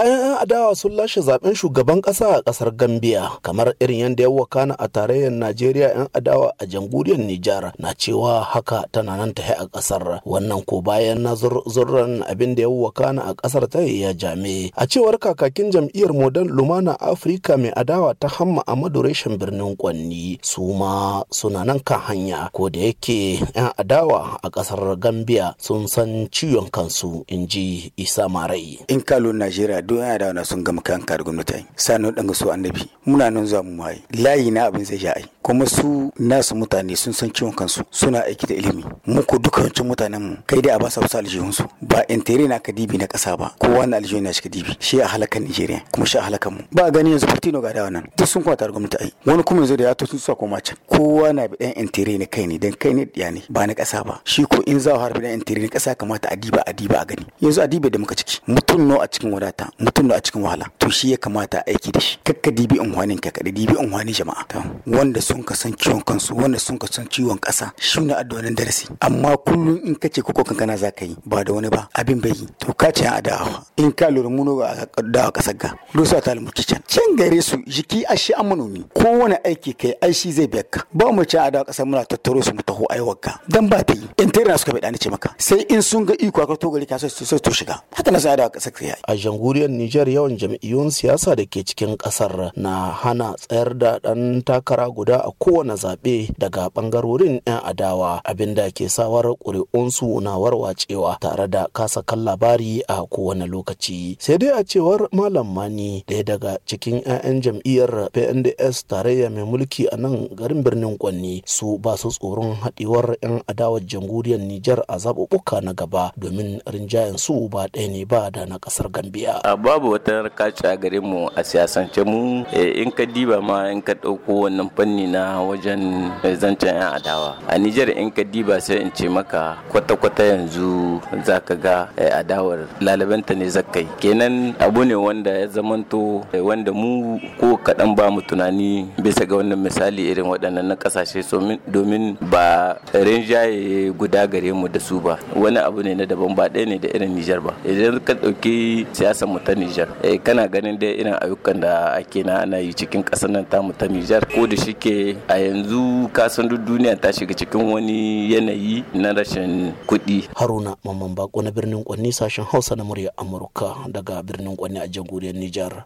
I. adawa sun lashe zaben shugaban ƙasa a ƙasar Gambia kamar irin yadda ya wakana a tarayyar Najeriya 'yan adawa a jamhuriyar Nijar na cewa haka tana nan ta a ƙasar wannan ko bayan na zurran abin da ya wakana a kasar ta ya jame a cewar kakakin jam'iyyar Modern Lumana Afirka mai adawa ta Hamma a Reshen birnin Kwanni su ma suna nan kan hanya ko da yake 'yan adawa a kasar Gambia sun san ciwon kansu in ji Isa Marai. In kalo Najeriya don yara sun gama kayan kare gwamnati ai sanin dan su annabi muna nan za mu mai layi na abin zai ja ai kuma su nasu mutane sun san ciwon kansu suna aiki da ilimi mu ko dukkanin mutanen mu kai dai a ba su aljihun su ba intere na kadibi na kasa ba kowa na aljihun na shi kadibi shi a halakan Nigeria kuma shi a halakan mu ba gani yanzu Portino ga dawa nan duk sun kwata gwamnati ai wani kuma yanzu da ya to sun sa koma can kowa na bi dan intere ne kai ne dan kai ne ya ne ba na kasa ba shi ko in za harbi dan intere ne kasa kamata a diba a a gani yanzu adiba da muka ciki mutum no a cikin wadata mutum no a cikin wahala to shi ya kamata aiki da shi kakka dibi unhwanin ka kada dibi unhwanin jama'a wanda sun ka san ciwon kansu wanda sun ka san ciwon kasa shi ne nan darasi amma kullum in kace koko kankana na ka yi ba da wani ba abin bai yi to ka ce a da'awa in ka lura muno ba a da'awa kasar ga rusa ta almuci can can gare su jiki a shi an ko kowane aiki kai ai shi zai biya ka ba mu ce a da'awa kasar muna tattaro su mu taho aiwar ka dan ba ta yi in ta suka bai dani ce maka sai in sun ga iko ka to gari ka sai su shiga haka na sai a da'awa ka yi a jamhuriyar Nijar yawan jam'iyyun siyasa da ke cikin kasar na hana tsayar da ɗan takara guda a kowane zaɓe daga ɓangarorin 'yan adawa abinda ke sawar ƙuri'unsu na warwacewa tare da kasa kan labari a kowane lokaci sai dai a cewar malam mani ɗaya daga cikin 'ya'yan jam'iyyar pnds tarayya mai mulki a nan garin birnin kwanni su ba su tsoron haɗewar 'yan adawar jamhuriyar nijar a zaɓuɓɓuka na gaba domin rinjayen su ba ɗaya ne ba da na ƙasar gambiya babu tabbatar ka ci a gare mu a siyasance mu eh, in ka diba ma in ka ɗauko wannan fanni na wajen zancen 'yan adawa a nijar in ka diba sai in ce maka kwata-kwata yanzu za ka ga eh, adawar lalabanta ne zakai kenan abu ne wanda ya zamanto eh, wanda mu ko kaɗan ba mu tunani bisa ga wannan misali irin waɗannan na ƙasashe domin ba rinjaye guda gare mu da su ba wani abu ne na daban ba ɗaya ne da irin nijar ba idan ka ɗauki siyasar mu ta nijar eh kana ganin dai irin ayyukan da ake na ana yi cikin ƙasar nan tamu ta Niger ko da shike a yanzu kasan duk duniya ta shiga cikin wani yanayi na rashin kuɗi. Haruna Mamman Bako na birnin Kwanni sashen Hausa na murya Amurka daga birnin Kwanni a jamhuriyar Nijar.